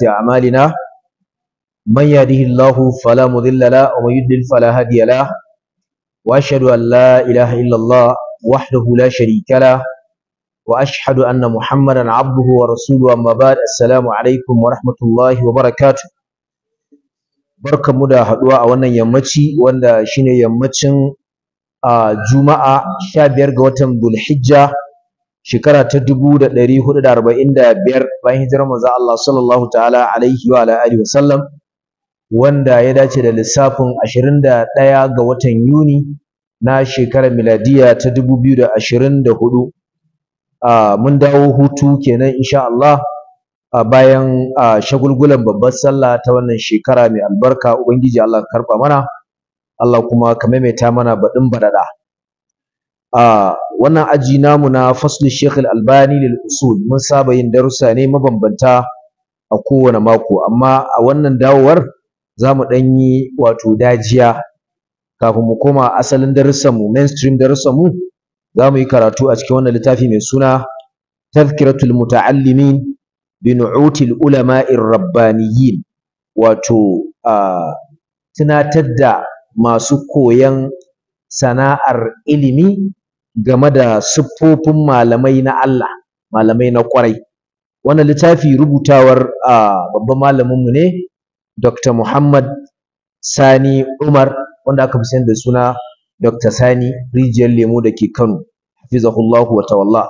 سيئات أعمالنا من يهده الله فلا مضل له ومن يضلل فلا هادي له وأشهد أن لا إله إلا الله وحده لا شريك له وأشهد أن محمدا عبده ورسوله أما بعد السلام عليكم ورحمة الله وبركاته بركة مدى هدواء وانا يمتي وانا شين يمتي juma'a sha biyar ga watan Dhulhijja shekara ta dubu da ɗari hudu da arba'in da biyar bayan hijirar manzon Allah sallallahu ta'ala alaihi wa ala alihi wasallam wanda ya dace da lissafin 21 ga watan Yuni na shekarar miladiya ta 2024 mun dawo hutu kenan insha Allah a bayan shagulgulan babbar sallah ta wannan shekara mai albarka ubangiji Allah karba mana Allah kuma ka maimaita mana baɗin baɗaɗa wannan aji namu na faslul Sheikh Al-Albani lil usul mun saba yin darussa ne mabambanta a kowane mako amma a wannan dawowar zamu dan yi wato dajiya kafin mu koma asalin darussan mu mainstream darussan mu zamu yi karatu a cikin wannan littafi mai suna Tazkiratul Muta'allimin bi Nu'util Ulama'ir Rabbaniyyin wato a tunatar da masu koyon sana'ar ilimi game da siffofin malamai na Allah malamai na kwarai wannan littafi rubutawar babban mu ne Dr. Muhammad Sani Umar wanda aka fi sani da suna Dr. Sani Rijiyar lemu da ke Kano hafizahullahu wa tawalla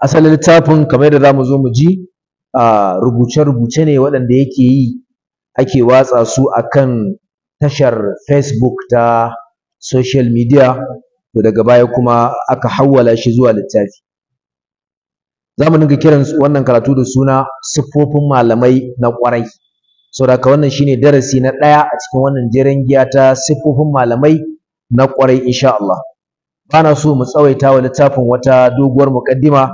asalin littafin kamar yadda zamu zo mu ji rubuce-rubuce ne waɗanda yake yi ake watsa su akan tashar Facebook ta social media to daga baya kuma aka hawwala shi zuwa littafi zamu mu dinga kiran wannan karatu da suna siffofin malamai na kwarai saboda wannan shine darasi na ɗaya a cikin wannan jeren giya ta siffofin malamai na kwarai, insha Allah bana so mu tsawaita wa littafin wata doguwar muƙaddima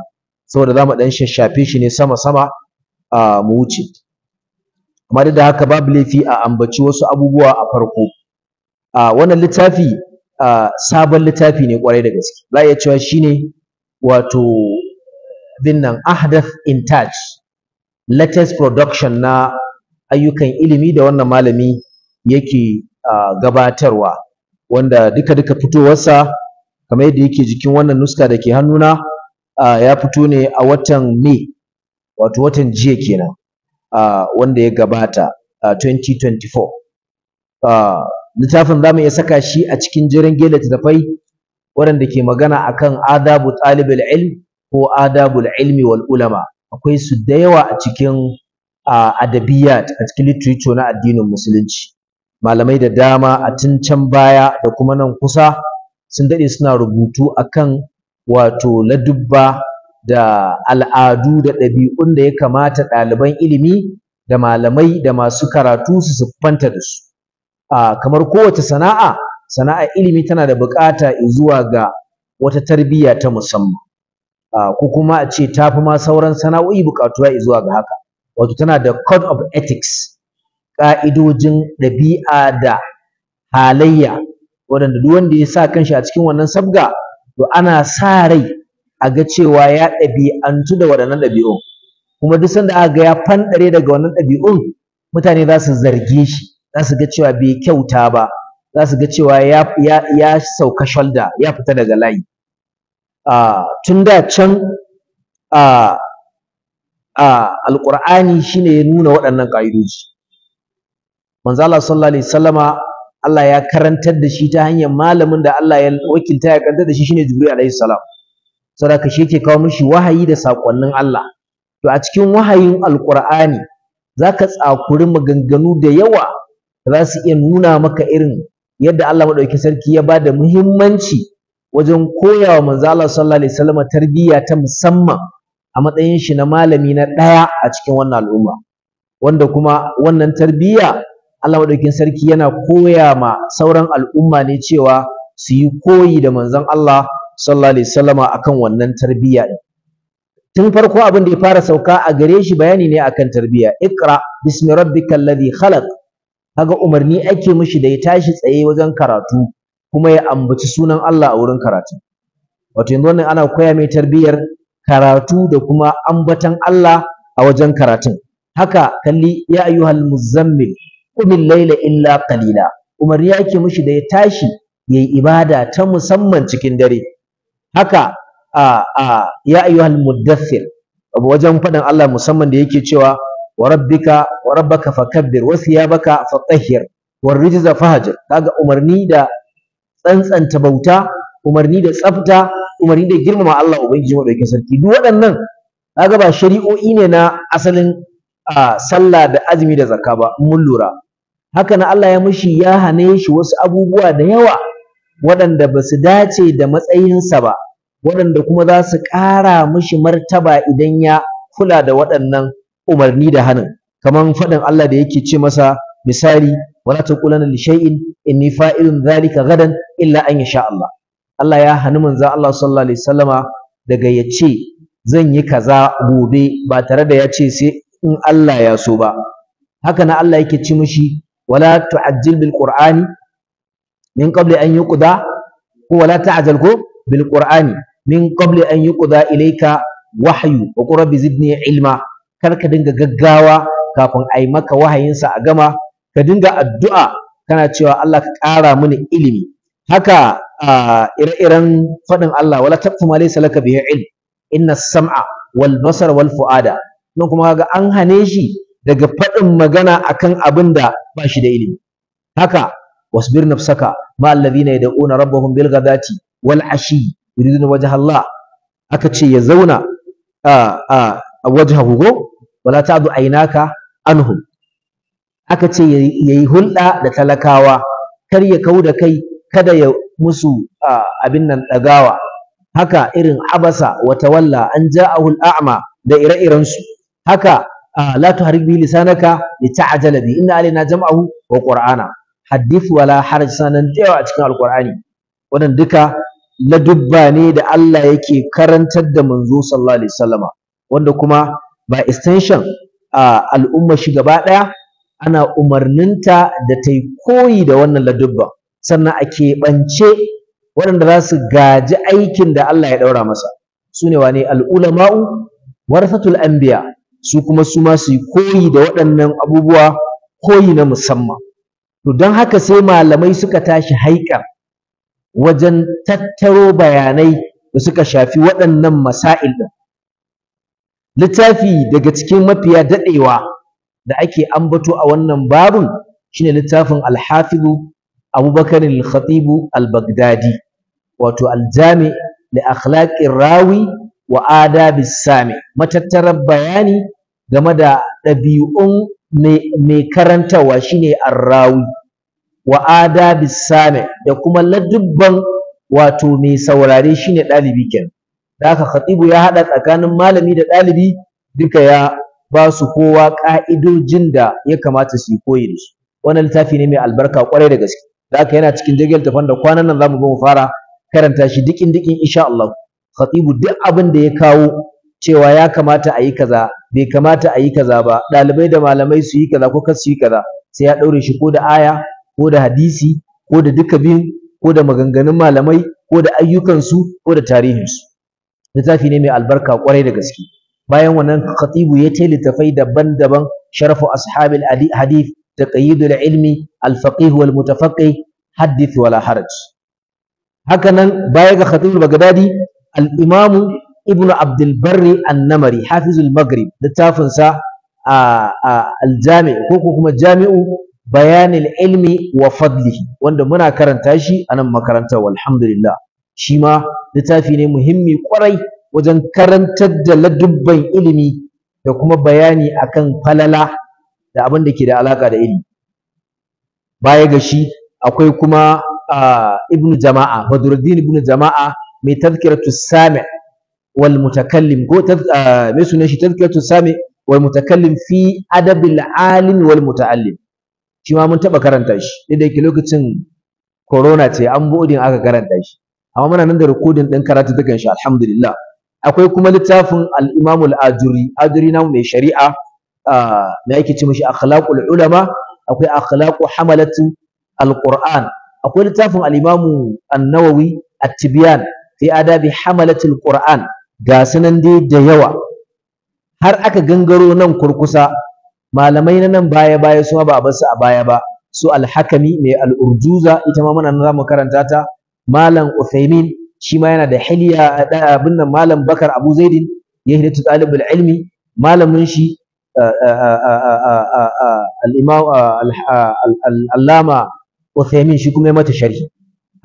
saboda zamu mu ɗan shashafe shi ne sama-sama a mu wuce amma da haka babu laifi a ambaci wasu abubuwa a farko a wannan littafi sabon littafi ne kwarai da gaske za iya cewa shine wato dinnan In touch latest production na ayyukan ilimi da wannan malami yake gabatarwa wanda duka duka fitowarsa kamar yadda yake jikin wannan nuska da ke hannuna ya fito ne a watan may wato watan jiya kenan wanda ya gabata 2024 littafin za mu iya saka shi a cikin jirin ta tafai waɗanda ke magana akan adabu talibul ilm ko adabul ilmi wal ulama akwai su da yawa a cikin adabiyat a cikin literature na addinin musulunci malamai da dama a tun can baya da kuma nan kusa sun daɗe suna rubutu akan wato ladubba da al'adu da ɗabi'un da ya kamata ɗaliban ilimi da malamai da masu karatu su siffanta da su kamar kowace sana'a sana'a ilimi tana da buƙata zuwa ga wata tarbiyya ta musamman ko kuma a ce ta fi ma sauran sana'o'i buƙatuwa zuwa ga haka wato tana da code of ethics ƙa'idojin ɗabi'a da halayya waɗanda duk wanda ya sa kanshi a cikin wannan sabga to ana sa rai a ga cewa ya ɗabi'antu da waɗannan ɗabi'un kuma duk sanda aka ga ya fanɗare daga wannan ɗabi'un mutane za su zarge shi za su ga cewa bai kyauta ba za su ga cewa ya, ya, ya sauka shalda ya fita daga layi tun da can uh, uh, alƙur'ani shine ya nuna waɗannan ƙa'idoji manzo Allah sallallahu alaihi wasallama Allah ya karantar da shi ta hanyar malamin da Allah ya wakilta ya karantar da shi shine Jibril alaihi salam saboda shi yake kawo mishi wahayi da sakonnin Allah to a cikin wahayin alqur'ani zaka tsakuri maganganu da yawa za su iya nuna maka irin yadda Allah madaukakin sarki ya ba da muhimmanci wajen koyawa manzo Allah sallallahu alaihi wasallam tarbiyya ta musamman a matsayin shi na malami na ɗaya a cikin wannan al'umma wanda kuma wannan tarbiyya Allah madaukakin sarki yana koya ma sauran al'umma ne cewa su yi koyi da manzon Allah sallallahu alaihi wasallam akan wannan tarbiyya tun farko abin da ya fara sauka a gare shi bayani ne akan tarbiyya Ikra bismi rabbikal ladhi khalaq kaga umarni ake mishi da ya tashi tsaye wajen karatu kuma ya ambaci sunan Allah a wurin karatu wato yanzu wannan ana koya mai tarbiyyar karatu da kuma ambatan Allah a wajen karatun haka kalli ya ayyuhal muzammil qumil layla illa qalila umarni ake mishi da ya tashi yayi ibada ta musamman cikin dare haka a a ya ayyuhal muddathir wajen faɗin Allah musamman da yake cewa warabbika warabbaka fakabbir wa siyabaka fatahhir warrijza fahajir kaga umarni da tsantsanta bauta umarni da tsafta umarni da girmama Allah ubangiji madaukakin sarki duk waɗannan kaga ba shari'o'i ne na asalin sallah da azumi da zakka ba mun lura haka na Allah ya mushi ya hane shi wasu abubuwa da yawa waɗanda ba su dace da matsayinsa ba waɗanda kuma za su ƙara mushi martaba idan ya kula da waɗannan umarni da hanin kaman faɗin Allah da yake ce masa misali wala taqulanna li shay'in inni fa'ilun dhalika gadan illa an yasha Allah Allah ya hani manzo Allah sallallahu alaihi wasallama daga ya ce zan yi kaza gobe ba tare da ya ce sai in Allah ya so ba haka na Allah yake ci mishi wala tu'ajjil bil qur'ani min qabli an yuqda ko wala ta'jal ko bil qur'ani min qabli an yuqda ilayka wahyu wa qur zidni ilma kar ka dinga gaggawa kafin a yi maka wahayinsa a gama ka dinga addu'a kana cewa Allah ka ƙara mini ilimi haka ire-iren faɗin Allah wala taqfu ma laysa laka bihi ilm inna sam'a wal basar wal fu'ada nan kuma kaga an hane shi daga faɗin magana akan abin da ba shi da ilimi haka wasbir nafsaka ma alladhina yad'una rabbahum bil ghadati wal ashi yuriduna wajha Allah aka ce ya zauna a a wajhahu wala ta'du aynaka anhum aka ce yayi hulɗa da talakawa kar ya kau da kai kada ya musu abin nan ɗagawa haka irin abasa wa tawalla an ja'ahul a'ma da ire-irensu haka لا تحرك به لسانك لتعجل به إن علينا جمعه وقرآنا wala ولا حرج سانا a cikin alqur'ani wannan duka ladubba ne da Allah yake karantar da manzo sallallahu alaihi wasallama wanda kuma by extension uh, al'ummar shi gaba ɗaya ana umarninta da ta yi koyi da wannan ladubban sannan a keɓance waɗanda za su gaji aikin da Allah ya ɗaura masa su ne wane al'ulama'u warsatul anbiya su kuma su ma su yi koyi da waɗannan abubuwa koyi na musamman to don haka sai malamai suka tashi haikar wajen tattaro bayanai da suka shafi waɗannan masa'il ɗin littafi daga cikin mafiya daɗewa da ake ambato a wannan babun shine littafin alhafizu abubakar al albagdadi al-baghdadi wato aljami li akhlaqi rawi wa adabis sami matattarar bayani game da ɗabi'un mai karantawa shine arrawi wa adabis sami da kuma ladubban wato mai saurare shine ɗalibi kenan da haka khatibu ya haɗa tsakanin malami da ɗalibi duka ya ba su kowa ƙa'idojin da ya kamata su yi koyi da su wannan littafi ne mai albarka kwarai da gaske da yana cikin jirgin tafan da kwanan nan zamu ga mu fara karanta shi dikin dikin insha Allah khatibu duk abin da ya kawo cewa ya kamata a yi kaza bai kamata a yi kaza ba ɗalibai da malamai su yi kaza ko kar su yi kaza sai ya ɗaure shi ko da aya ko da hadisi ko da duka bin ko da maganganun malamai ko da ayyukansu ko da tarihinsu littafi ne mai albarka kwarai da gaske bayan wannan khatibu ya ce littafai daban-daban sharafu ashabil hadith taqyidul ilmi al-faqih wal mutafaqih hadith wala haraj haka nan baya ga khatibul bagdadi al-imamu ibnu abdul barri an-namari hafizul maghrib littafin sa al-jami' ko kuma jami'u bayanil ilmi wa fadlihi wanda muna karanta shi a nan makarantar alhamdulillah Shima ma littafi ne muhimmi kwarai wajen karantar da ladubban ilimi da kuma bayani akan falala da abin da ke da alaka da ilimi baya ga shi akwai kuma ibnu jama'a badruddin ibnu jama'a mai tazkiratu sami wal mutakallim ko mai sunan shi tazkiratu sami wal mutakallim fi adabil alim wal muta'allim shi ma mun taba karanta shi da yake lokacin corona ce an buɗin aka karanta shi amma muna nan da rikodin ɗin karatu ta shi alhamdulillah akwai kuma littafin al-Imam al-Ajuri Ajuri na mai shari'a me yake ce mishi akhlaqul ulama akwai akhlaqu hamalatu al-Qur'an akwai littafin al-Imam an-Nawawi at-Tibyan fi adabi hamalatu al-Qur'an ga sunan dai da yawa har aka gangaro nan kurkusa malamai na nan baya baya su ba a basu a baya ba su al-Hakami mai al-Urjuza ita ma muna nan zamu karanta ta malam Uthaymin shi ma yana da hiliya abin nan malam Bakar Abu Zaidin ya hidatu talibul ilmi malamin shi al-imam al-allama Uthaymin shi kuma ya mata sharhi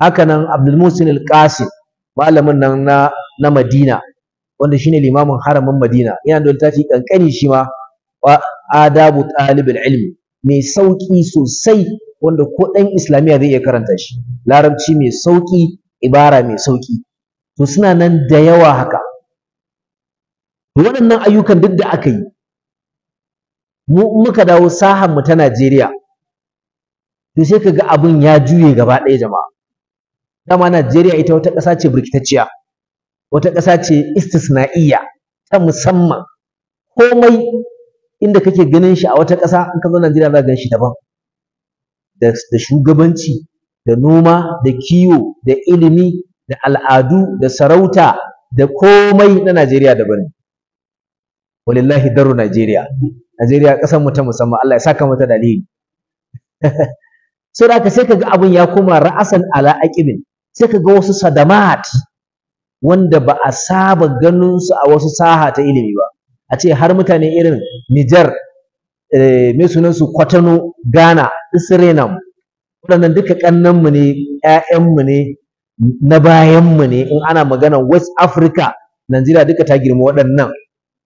haka nan Abdul Musin al-Qasim malamin nan na na Madina wanda shine limamin haramin Madina yana da littafi kankani shi ma adabu talibul ilmi mai sauki sosai wanda ko ɗan islamiyya zai iya karanta shi larabci mai sauƙi ibara mai sauƙi to suna nan da yawa haka to waɗannan ayyukan duk da aka yi mu muka dawo sahan mu ta Najeriya to sai ga abin ya juye gaba ɗaya jama'a dama Najeriya ita wata ƙasa ce birkitacciya wata ƙasa ce istisna'iyya ta musamman komai inda kake ganin shi a wata ƙasa in ka zo Najeriya za ka gan shi daban da shugabanci da noma da kiwo da ilimi da al'adu da sarauta da komai na Najeriya daban walillahi daru Najeriya Najeriya ƙasar mu ta musamman Allah ya saka mata dalili sai ka sai kaga abun ya koma ra'asan ala aqibin sai ga wasu sadamat wanda ba a saba ganin su a wasu saha ta ilimi ba a ce har mutane irin Nijar Eh, mai sunansu kwatano ghana isirenam waɗannan duka ƙannanmu ne ‘ya'yanmu ne na bayanmu ne in ana maganar west africa najeriya duka ta girma waɗannan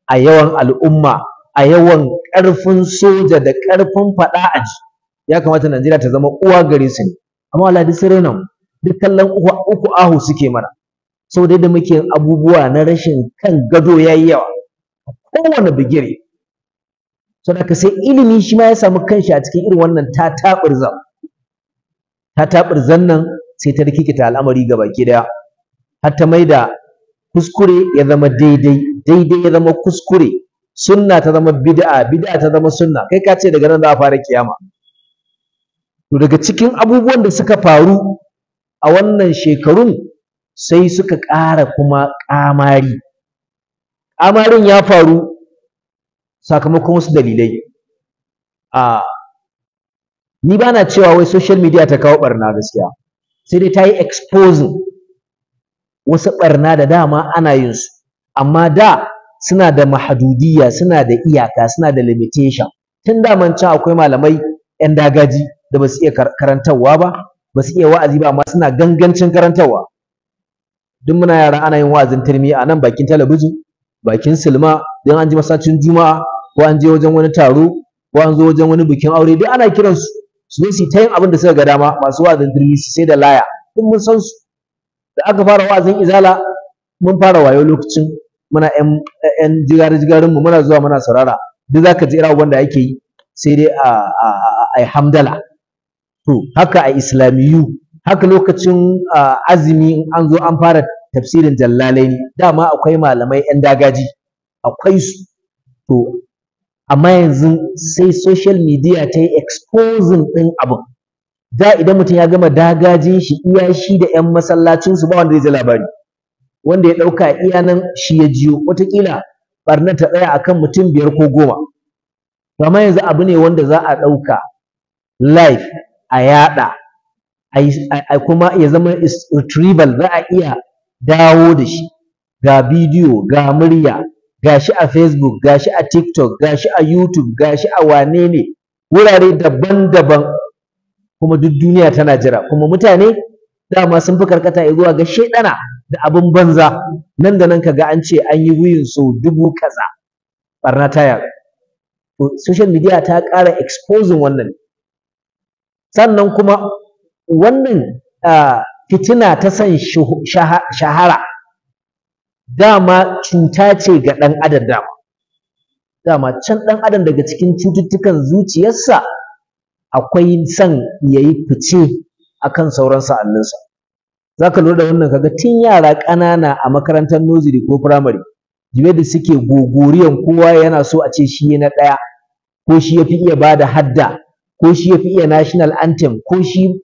a yawan al'umma a yawan ƙarfin soja da ƙarfin faɗa a ji ya kamata najeriya ta zama uwa gare su ne amma wala duk duk kallon uku ahu suke mana saboda yadda muke abubuwa na rashin kan gado yayi yawa kowane bigire so sai ilimi shi ma ya samu kanshi a cikin irin wannan ta taɓurzan ta nan sai ta rikikita al'amari ga baki daya har ta maida kuskure ya zama daidai daidai ya zama kuskure sunna ta zama bid'a bid'a ta zama sunna kai ka ce daga nan za a fara kiyama to daga cikin abubuwan da suka faru a wannan shekarun sai suka ƙara kuma ƙamari ƙamarin ya faru sakamakon wasu dalilai a ni ba na cewa wai social media ta kawo barna gaskiya sai dai ta yi exposing wasu ɓarna, da dama ana yin su amma da suna da mahadudiyya suna da iyaka suna da limitation tun daman can akwai malamai 'yan dagaji da ba su iya karantarwa ba ba su iya wa'azi ba amma suna gangancin karantarwa duk muna yara ana yin wa'azin turmi a nan bakin talabijin bakin silma dan an ji masacin juma'a ko an je wajen wani taro ko an zo wajen wani bikin aure duk ana kiran su su su ta yin abin da suka ga dama masu wa'azin dirmi su sai da laya In mun san su da aka fara wa'azin izala mun fara wayo lokacin muna yan jigari-jigarin mu muna zuwa muna saurara duk zaka ji irin wanda ake yi sai dai a hamdala to haka a islamiyu haka lokacin azumi an zo an fara tafsirin jallalaini dama akwai malamai yan dagaji akwai su to amma yanzu sai social media ta yi exposing ɗin abin da idan mutum ya gama dagajin shi iya shi da 'yan su ba wanda zai ji labari wanda ya ɗauka iya nan shi ya jiyo wataƙila barna ta tsaya akan mutum biyar ko goma to amma yanzu abu ne wanda za a ɗauka live a yaɗa kuma ya zama retrieval za a iya dawo da shi ga bidiyo ga murya ga shi a facebook ga shi a tiktok ga shi a youtube shi a wane ne wurare daban-daban kuma duk duniya tana jira kuma mutane dama sun fi karkata zuwa ga shaidana da abin banza nan da nan kaga an ce an yi wuyin sau dubu kaza barna ta yaru social media ta ƙara exposing wannan sannan kuma wannan uh, fitina ta san shahara dama cuta ce ga ɗan adam dama dama can ɗan adam daga cikin cututtukan zuciyarsa akwai son ya yi fice akan sauran sa'anninsa za ka lura da wannan kaga tun yara ƙanana a makarantar nursery ko primary jibe da suke gogoriyan kowa yana so a ce shi na ɗaya ko shi ya fi iya ba da hadda ko shi ya fi iya national anthem ko shi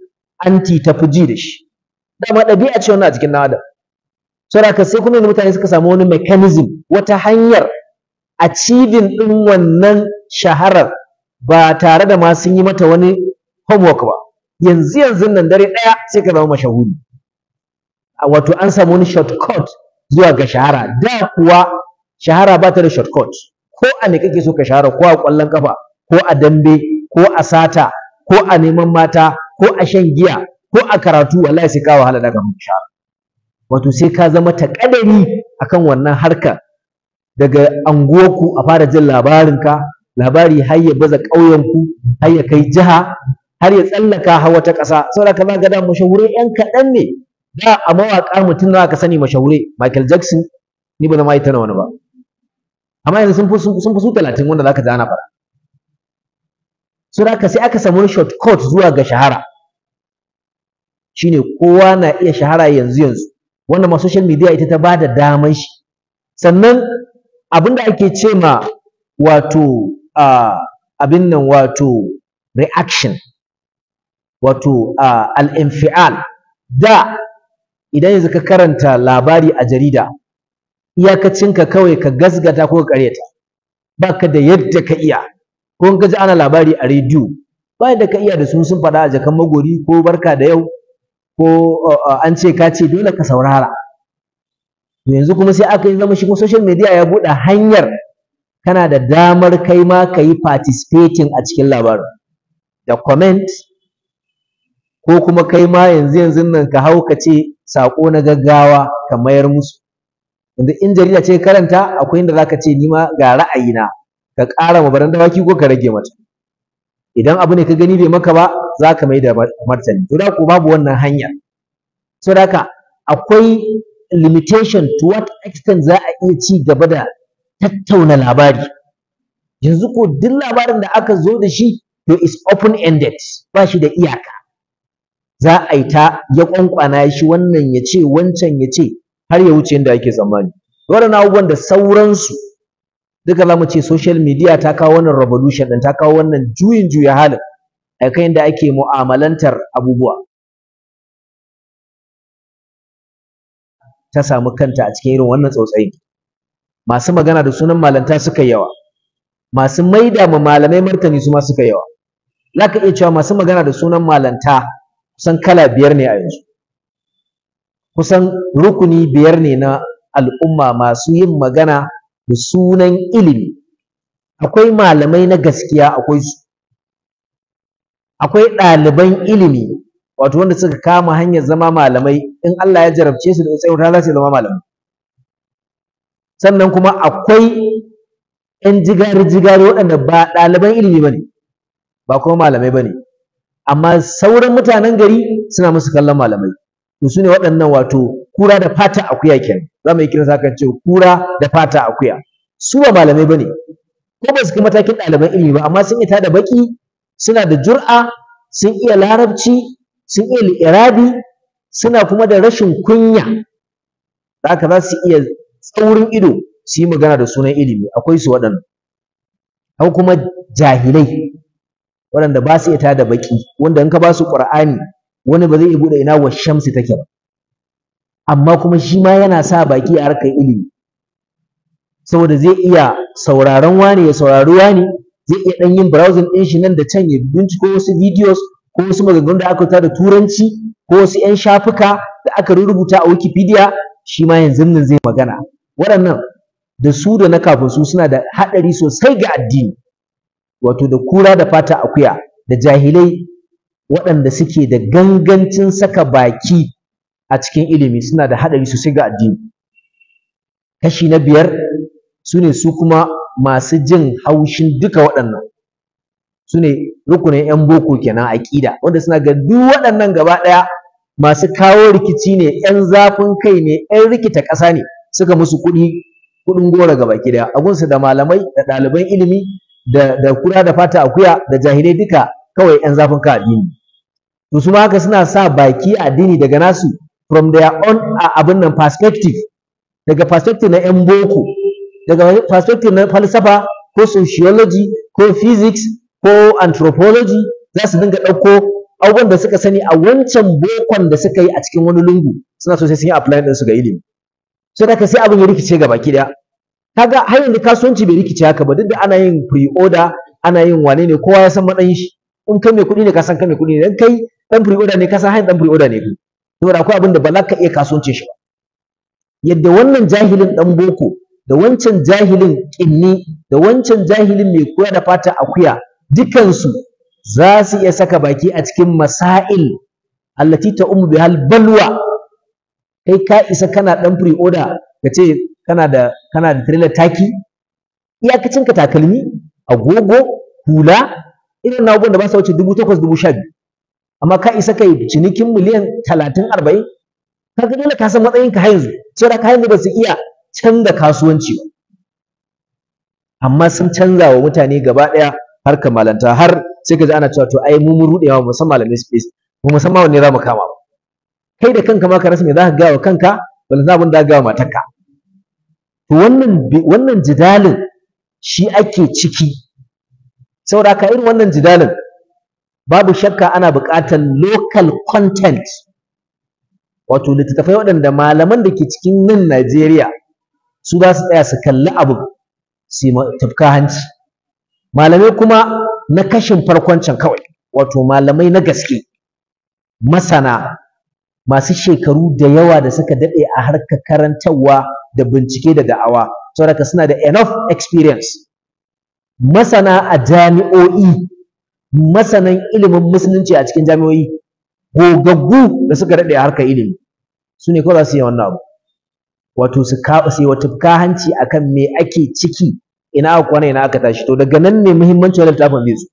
anti tafi ji da shi dama ɗabi'a ce wannan a jikin ɗan saboda sai kuma mutane suka samu wani mechanism wata hanyar a achieving ɗin wannan shaharar ba tare da ma sun yi mata wani homework ba yanzu yanzu nan dare ɗaya sai ka zama mashahuri wato an samu wani shortcut zuwa ga shahara da kuwa shahara ba ta da shortcut ko a ne kake so ka shahara ko a ƙwallon kafa ko a dambe ko a sata ko a neman mata ko a shan giya ko a karatu wallahi sai ka wahala daga mun wato sai ka zama takadari akan wannan harka daga anguwarku a fara jin labarinka labari har ya baza ƙauyenku har ya kai jiha har ya tsallaka har wata ƙasa saboda ka ga da mashahurai ɗan kaɗan ne da a mawaƙa mutum da ka sani mashahurai Michael Jackson ni ba na mai tana wani ba amma yanzu sun fi sun fi su talatin wanda zaka ji ana fara saboda ka sai aka samu shortcut zuwa ga shahara shine kowa na iya shahara yanzu yanzu wannan ma social media ita ta bada damar shi sannan abinda ake ce ma wato abin nan wato reaction wato al-infial da idan yanzu ka karanta labari a jarida iyakacinka kawai ka gasgata ko ka karyata baka da yadda ka iya ko ka ji ana labari a rediyo ba da ka iya da su sun faɗa a jakan magori ko barka da yau ko an ce ka ce dole ka saurara yanzu kuma sai aka yi zama shi kuma social media ya buɗe hanyar kana da damar kai ma ka yi participating a cikin labarin da comment ko kuma kai ma yanzu yanzu nan ka hau ka ce saƙo na gaggawa ka mayar musu yanzu in jarida ce karanta akwai inda za ka ce ni ma ga ra'ayina ka ƙara ma baran dawaki ko ka rage mata idan abu ne ka gani bai maka ba za ka mai da martani to da ku babu wannan hanya so da haka akwai limitation to what extent za a iya ci gaba da tattauna labari yanzu ko duk labarin da aka zo da shi to is open ended ba shi da iyaka za a yi ta ya kwankwana shi wannan ya ce wancan ya ce har ya wuce yadda ake tsammani waɗannan abubuwan da sauransu duka za mu ce social media ta kawo wannan revolution din ta kawo wannan juyin juya halin a kan da ake mu'amalantar abubuwa ta samu kanta a cikin irin wannan tsautsayi masu magana da sunan malanta suka yawa masu maida ma malamai martani su ma suka yawa za iya cewa masu magana da sunan malanta kusan kala biyar ne a yanzu kusan rukuni biyar ne na al'umma masu yin magana da sunan ilimi akwai malamai na gaskiya akwai su akwai ɗaliban ilimi wato wanda suka kama hanyar zama malamai in Allah ya jarabce su da tsayin rana sai zama malamai sannan kuma akwai ƴan jigar-jigar waɗanda ba ɗaliban ilimi ba ne ba kuma malamai ba ne amma sauran mutanen gari suna musu kallon malamai to su ne waɗannan wato kura da fata akuya kenan zamu mu yi kiran sakan cewa kura da fata akuya su ba malamai bane ko ba su kai matakin ɗaliban ilimi ba amma sun ita da baki suna da jur'a sun iya larabci sun iya irabi suna kuma da rashin kunya da haka za su iya tsaurin ido su yi magana da sunan ilimi akwai su waɗanda akwai kuma jahilai waɗanda ba su ita da baki wanda in ka ba su qur'ani wani ba zai iya buɗe ina wa shamsi take ba amma kuma shi ma yana sa baki a harkar ilimi saboda zai iya sauraron wani ya saurari wani zai iya ɗan yin browsing din shi nan da can ya binciko wasu videos ko wasu maganganun da aka ta da turanci ko wasu 'yan shafuka da aka rubuta a wikipedia shi ma yanzu nan zai magana waɗannan da su da na kafin su suna da haɗari sosai ga addini wato da kura da fata akuya da jahilai waɗanda suke da gangancin saka baki a cikin ilimi suna da haɗari sosai ga addini kashi na biyar su ne su kuma masu jin haushin duka waɗannan su ne rukunin 'yan boko kenan aƙida wanda suna ga duk waɗannan gaba ɗaya masu kawo rikici ne 'yan zafin kai ne 'yan rikita ƙasa ne suka musu kuɗi kuɗin gora gaba ki ɗaya a gunsu da malamai da ɗaliban ilimi da da kura da fata akuya da jahilai duka kawai 'yan zafin kai addini to su ma haka suna sa baki addini daga nasu from their own abin nan perspective daga perspective na 'yan boko daga perspective na falsafa ko sociology ko physics ko anthropology za su dinga ɗauko abubuwan da suka sani a wancan bokon da suka yi a cikin wani lungu suna so sai sun yi apply ɗinsu ga ilimi so da sai abin ya rikice gaba baki ɗaya kaga har yanzu kasuwanci bai rikice haka ba duk da ana yin pre-order ana yin wane ne kowa ya san matsayin shi in kai mai kuɗi ne ka san kai mai kuɗi ne dan kai dan pre-order ne ka san hanyar dan pre-order ne saboda akwai abin da ba za ka iya kasuwancin shi ba yadda wannan jahilin ɗan boko da wancan jahilin kinni da wancan jahilin mai koya da fata akuya dukansu za su iya saka baki a cikin masail allati ta umu bihal balwa kai ka isa kana dan pre order ka ce kana da kana da trailer taki iyakacin ka takalmi agogo hula irin na da ba sa wuce dubu takwas dubu sha biyu amma ka isa kai cinikin miliyan talatin arba'in ga dole ka san matsayin ka yanzu saboda ka yanzu ba su iya canza kasuwanci ba amma sun canza wa mutane gaba ɗaya har kamalanta har sai ka ji ana cewa to ai mu mun rudewa mu san malamin space mu mu san ma wanne za mu kama ba kai da kanka ma ka rasa me za ka ga wa kanka wanda za mun da ga wa matarka to wannan wannan jidalin shi ake ciki saboda ka irin wannan jidalin babu shakka ana buƙatar local content wato littattafai waɗanda malaman da ke cikin nan Najeriya su za su tsaya su kalli abu su tafka hanci malamai kuma na kashin farkon can kawai wato malamai na gaske masana masu shekaru da yawa da suka daɗe a harkar karantarwa da bincike da da'awa saboda suna da enough experience masana a jami'o'i masanan ilimin musulunci a cikin jami'o'i gogaggu da suka daɗe a harkar ilimi su ne kawai za su yi wannan abu wato su su yi wata kahanci akan me ake ciki ina aka kwana ina aka tashi to daga nan ne muhimmancin wannan littafin zai zo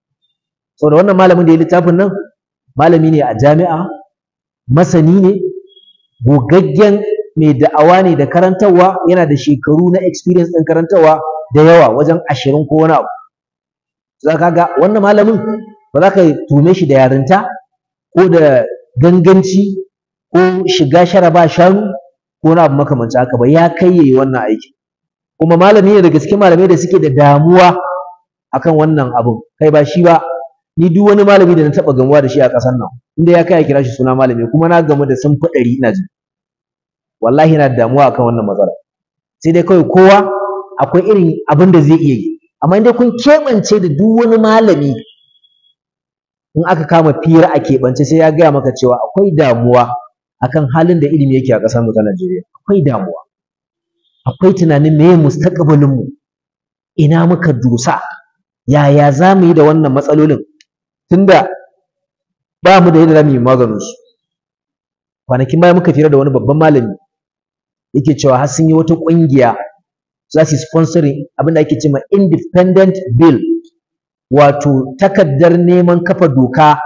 saboda wannan malamin da ya littafin nan malami ne a jami'a masani ne gogaggen mai da'awa ne da karantarwa yana da shekaru na experience ɗin karantawa da yawa wajen ashirin ko wani abu Zaka ga wannan malamin ba za ka tume shi da yarinta ko da ganganci ko shiga shara ba shanu ko na abu makamanci haka ba ya kai yayi wannan aiki kuma malami ne da gaske malamai da suke da damuwa akan wannan abun kai ba shi ba ni duk wani malami da na taɓa gamuwa da shi a ƙasar nan inda ya kai ya kira shi suna malami kuma na gamu da sun faɗari ina ji wallahi na damuwa akan wannan matsalar. sai dai kawai kowa akwai irin abin da zai iya yi amma dai kun keɓance da duk wani malami in aka kama fira a keɓance sai ya gaya maka cewa akwai damuwa akan halin da ilimi yake a ƙasar mu ta Najeriya akwai damuwa akwai tunanin meye mustaqbalin mu ina muka dusa yaya za mu yi da wannan matsalolin tunda ba mu da yadda za mu yi maganin su kwanakin baya muka fira da wani babban malami yake cewa har sun yi wata ƙungiya za su sponsoring abin da ake cewa independent bill wato takaddar neman kafa doka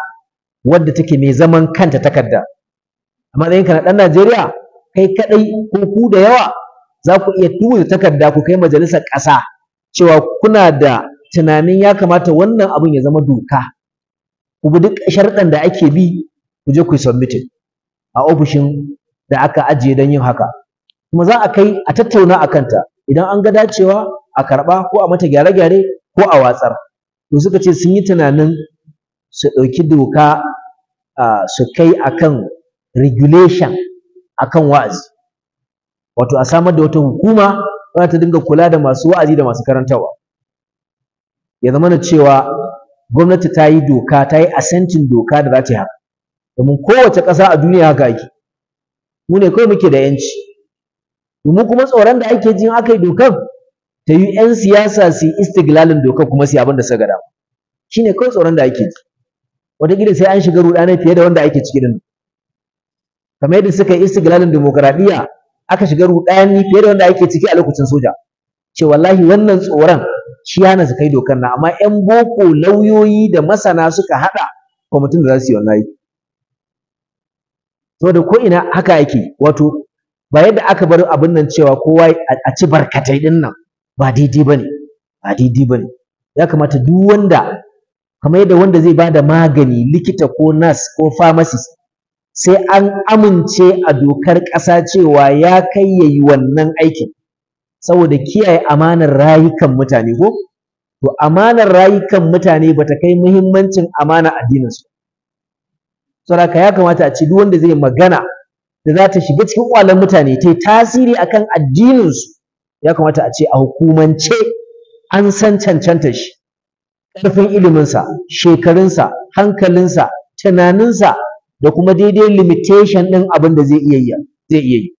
wadda take mai zaman kanta takarda Amma ka na ɗan Najeriya kai kaɗai ko ku da yawa za ku iya tura takarda ku kai majalisar ƙasa cewa kuna da tunanin ya kamata wannan abin ya zama doka ku bi duk sharɗan da ake bi ku je ku yi submitting a ofishin da aka ajiye don yin haka kuma za a kai a tattauna a kanta idan an ga dacewa a karɓa ko a mata gyare-gyare ko a watsar to suka ce sun yi tunanin su ɗauki doka su kai akan regulation akan wa'azi wato a samar da wata hukuma wadda ta dinga kula da masu wa'azi da masu karantarwa ya zama na cewa gwamnati ta yi doka ta yi asentin doka da za ta yi haka domin kowace ƙasa a duniya haka ake mu ne kawai muke da yanci mu kuma tsoron da ake jin aka yi dokar ta yi 'yan siyasa su yi istiglalin dokar kuma su yi abin da suka gada shi ne kawai tsoron da ake ji wataƙila sai an shiga ruɗana fiye da wanda ake ciki da kamar yadda suka yi istiglalin demokuraɗiyya aka shiga ruɗani fiye da wanda ake ciki a lokacin soja ce wallahi wannan tsoron shi yana su kai dokar na amma 'yan boko lauyoyi da masana suka haɗa kwamitin da za su yi wannan aiki to da ko'ina haka yake wato ba yadda aka bar abin nan cewa kowa a ci barkatai din nan ba daidai bane ba daidai bane ya kamata duk wanda kamar yadda wanda zai bada magani likita ko nas ko pharmacist sai an amince a dokar ƙasa cewa ya kai ya yi wannan aikin saboda kiyaye amanar rayukan mutane ko to amanar rayukan mutane bata kai muhimmancin amana addinin addininsu saboda ya kamata a ci duk wanda zai magana da za ta shiga cikin kwalan mutane ta tasiri a akan addininsu ya kamata a ce a hukumance an san cancanta shi ƙarfin iliminsa shekarunsa hankalinsa tunaninsa da kuma daidai limitation ɗin abin da zai iya yi zai iya yi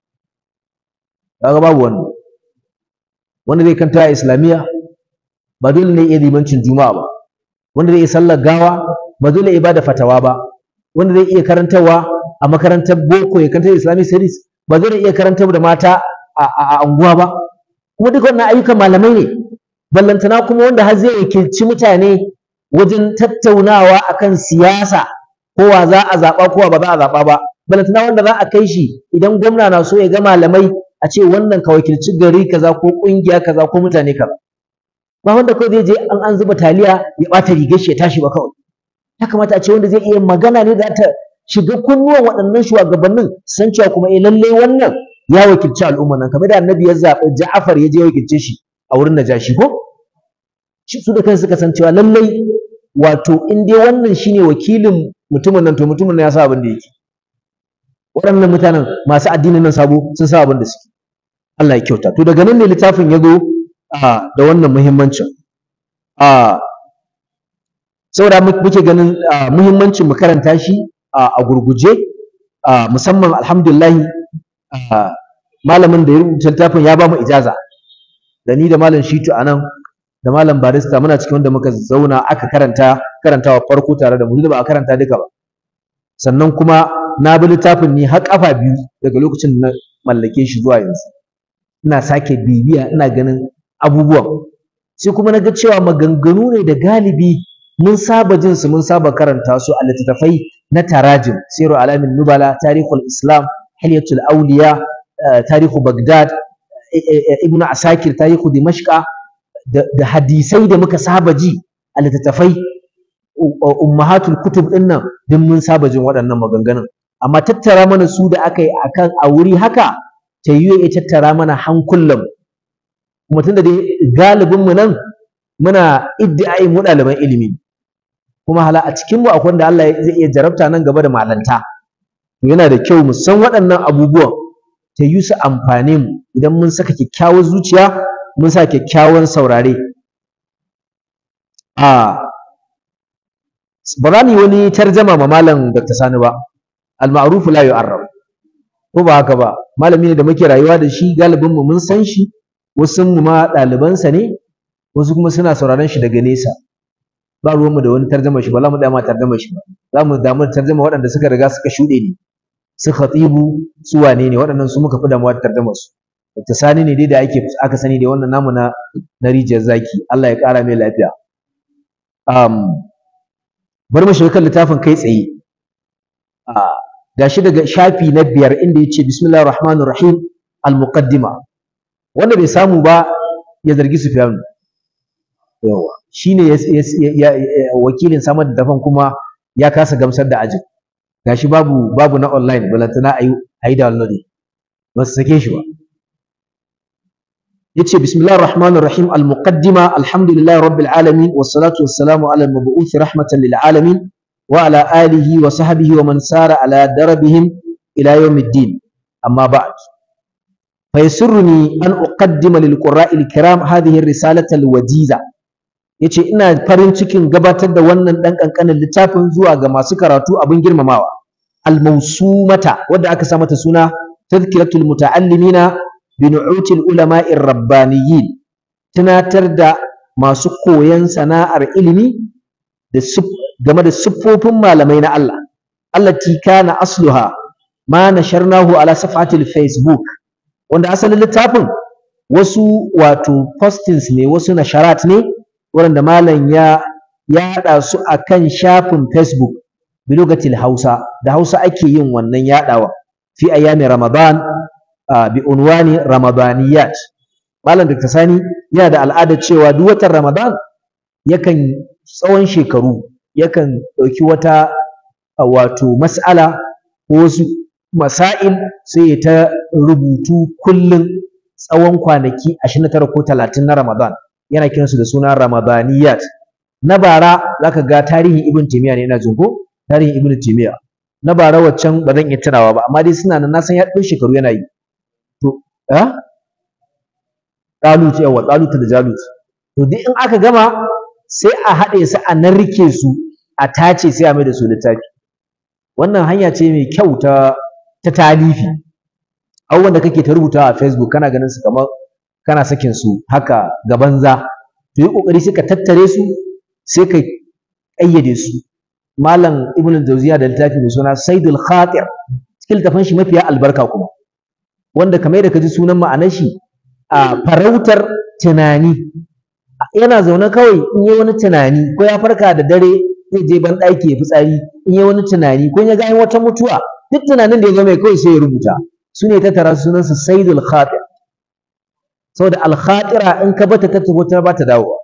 kaga babu Wani wanda zai kanta a islamiyya ba dole ne iya limancin juma'a ba wanda zai iya sallar gawa ba dole iya bada fatawa ba wanda zai iya karantarwa a makarantar boko ya kanta islamic studies ba zai iya karantar da mata a anguwa ba kuma duk wannan ayyukan malamai ne ballantana kuma wanda har zai wakilci mutane wajen tattaunawa akan siyasa kowa za a zaɓa kowa ba za a zaɓa ba ballantana wanda za a kai shi idan gwamna na so ya ga malamai a ce wannan ka wakilci gari kaza ko ƙungiya kaza ko mutane kaza ba wanda kawai zai je an an zuba taliya ya ɓata rigar shi ya tashi ba kawai ya kamata a ce wanda zai iya magana ne za ta shiga kunnuwan waɗannan shugabannin san cewa kuma eh lallai wannan ya wakilci al'umma nan kamar da annabi ya zaɓi Ja'far ya je wakilce shi a wurin Najashi ko su da kansu suka san cewa lallai wato in dai wannan shine wakilin mutumin nan to mutumin nan ya sa abin da yake waɗannan mutanen masu addinin nan sabo sun sa abin da suke Allah ya kyauta to daga nan ne littafin ya zo da wannan muhimmancin saboda muke ganin muhimmancin mu karanta shi a gurguje musamman alhamdulillahi malamin da ya rubuta littafin ya ba mu ijaza da ni da malam shitu a nan da malam barista muna cikin wanda muka zauna aka karanta karantawa farko tare da mu da ba a karanta duka ba sannan kuma na bi littafin ni har kafa biyu daga lokacin na mallake shi zuwa yanzu ina sake bibiya ina ganin abubuwan sai kuma na ga cewa maganganu ne da galibi mun saba jinsu, mun saba karanta su a littattafai na tarajim siru alamin nubala tarihul islam hilyatul auliya eh, tarihu bagdad eh, eh, ibnu asakir tarihu dimashqa da hadisai da muka saba ji a littattafai ummahatul kutub din mun saba jin waɗannan maganganun amma tattara mana su da aka yi akan a wuri haka ta yiwu ya tattara mana hankulan kuma tunda dai galibin mu nan muna iddi'ai mu ɗaliban ilimi kuma hala a cikin mu akwai wanda Allah zai iya jarabta nan gaba da malanta yana da kyau mu san waɗannan abubuwan ta yi su amfane mu idan mun saka kyakkyawar zuciya mun sa kyakkyawan saurare a ba ni wani tarjama ma malam Dr. Sani ba al-ma'ruf la yu'arrab ko ba haka ba malami ne da muke rayuwa da shi galibin mu mun san shi wasu mu ma ɗalibansa ne wasu kuma suna sauraron shi daga nesa ba ruwanmu da wani tarjama shi ba za mu dama tarjama shi ba za mu damu da tarjama waɗanda suka riga suka shuɗe ne su khatibu su wane ne waɗannan su muka fi damuwa da tarjama su ta sani ne dai da ake aka sani da wannan namu na na rijiyar zaki Allah ya ƙara mai lafiya um, bar mu shiga kan littafin kai tsaye gashi daga shafi na biyar inda yace bismillahir rahmanir rahim al muqaddima wanda bai samu ba ya zargi su Sufyan yawa shine wakilin samar da dafan kuma ya kasa gamsar da ajin gashi babu babu na online balantana ayi ayi download ba su sake shi ba yace bismillahir rahmanir rahim al muqaddima alhamdulillahi rabbil alamin wassalatu wassalamu ala al mab'uth rahmatan lil alamin wa ala alihi wa sahbihi wa man sara ala darabihim ila yawmiddin amma ba'd فيسرني أن أقدم للقراء الكرام هذه الرسالة الوجيزة Ya ce ina farin cikin gabatar da wannan ɗan ƙanƙanin littafin zuwa ga masu karatu abin girmamawa al mata wadda aka sa mata suna tadhkiratul muta'allimina bi nu'util ulama'i rabbaniyyin tunatar da masu koyon sana'ar ilimi da game da siffofin malamai na Allah Allah allati kana asluha ma nasharnahu ala safatil facebook wanda asalin littafin wasu wato postings ne wasu nasharat ne waɗanda malam ya yaɗa su akan shafin facebook bilogatil hausa da hausa ake yin wannan yaɗawa fi ayami ramadan bi unwani ramadaniyat malam dr sani yana da al'ada cewa duk watan ramadan yakan tsawon shekaru yakan ɗauki wata wato mas'ala ko wasu masa'il sai ya ta rubutu kullum tsawon kwanaki 29 ko 30 na ramadan yana kiransu da suna ramadaniyat na bara zaka ga tarihin ibn taymiya ne ina jin ko tarihin ibn taymiya na bara waccan ba zan iya tunawa ba amma dai suna nan na san ya ɗau shekaru yana yi to eh Talut yawa Talut da Jalut to duk in aka gama sai a haɗe su a rike su a tace sai a mai da su littafi wannan hanya ce mai kyau ta ta talifi abubuwan da kake ta rubuta a Facebook kana ganin su kamar kana sakin su haka ga banza to yi kokari sai ka tattare su sai ka ayyade su malam ibn jauziya da littafi mai suna saidul khatir cikin littafin shi mafiya albarka kuma wanda kamar da ka ji sunan ma'anar shi a farautar tunani yana zaune kawai in yi wani tunani ko ya farka da dare zai je ban ɗaki ya fitsari in yi wani tunani ko ya ga wata mutuwa duk tunanin da ya zo mai kawai sai ya rubuta Sune ne sunansa saidul khatir saboda alkhatira in ka bata ta tabo ta ba ta dawowa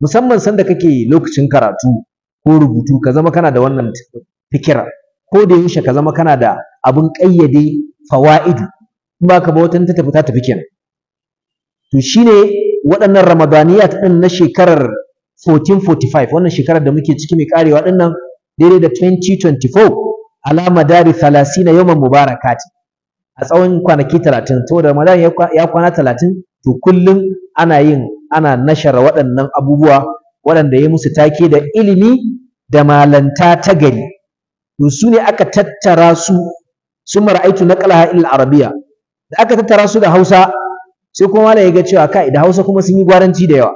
musamman sanda kake lokacin karatu ko rubutu ka zama kana da wannan fikira ko da yaushe ka zama kana da abun kayyade fawaidu in ba ka ba wata ta tafi ta tafi kenan to shine waɗannan ramadaniyat din na shekarar 1445 wannan shekarar da muke ciki mai karewa din nan daidai da 2024 ala madari 30 yawman mubarakati a tsawon kwanaki 30 saboda ramadan ya kwana talatin. to kullum ana yin ana nashara waɗannan abubuwa waɗanda ya musu take da ilimi da malanta ta gari to su ne aka tattara su sun ra'aitu na ƙalaha ilil arabiya da aka tattara su da hausa sai kuma malam ya ga cewa kai da hausa kuma sun yi gwaranci da yawa